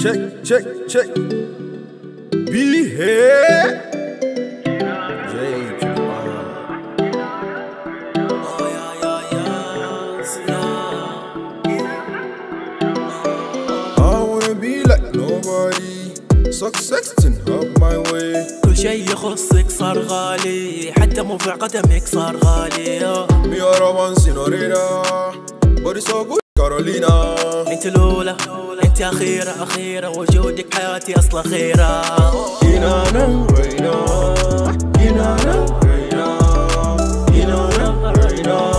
check check check Billy hey Jay Jamal Oh yeah yeah yeah I wanna be like nobody Success to help my way كل شي يخصك صار غالي حتى مو في قدمك صار غالي يا رب انسينا ريرا But it's all good كارولينا انت الاولى انت اخيره اخيره وجودك حياتي اصلا خيره هنا انا ينانا رينا ينانا رينا ينانا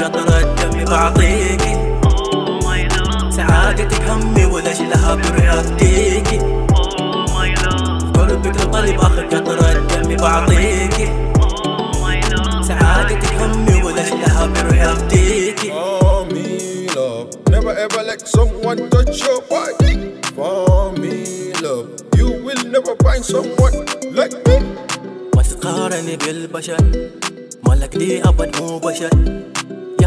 oh دمي بعطيك فاتتك همي ولا شلها برياضتيكي قربك لطلب اخر قطرة دمي بعطيكي سعادتك همي ولا شلها برياضتيكي Oh me love, never ever let someone touch your body For me love, you will never find someone like me ما تقارني بالبشر ملك دي ابد مو بشر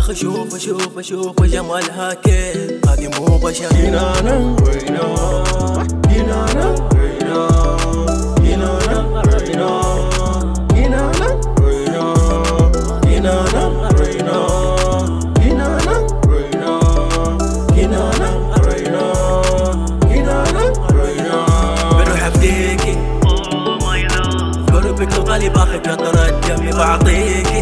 اخ شوف شوف شوف جمالها كيف هذه مو بشر جنانا وينا جنانا وينا جنانا وينا جنانا قطرة دمي بعطيكي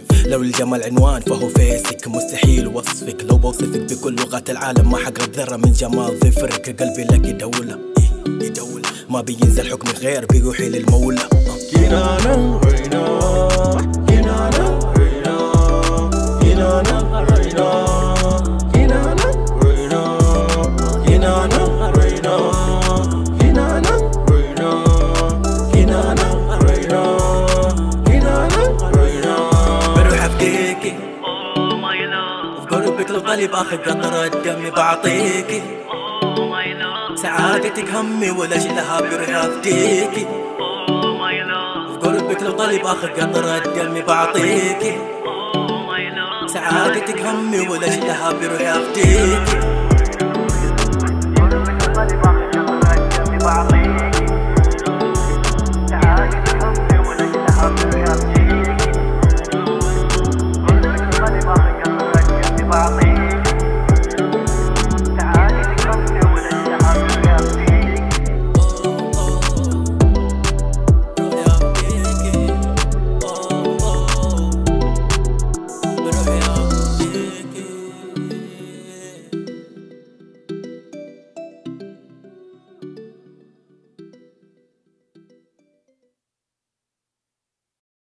لو الجمال عنوان فهو فيسك مستحيل وصفك لو بوصفك بكل لغات العالم ما حقرب ذرة من جمال ظفرك قلبي لك دولة دولة ما بينزل حكم غير بيوحي للمولى افضل باخذ قطرة دمي بعطيكي سعادتك همي ولاجلها برهافتيكي في قربك لو طلب اخذ قطرة دمي بعطيكي سعادتك همي ولاجلها برهافتيكي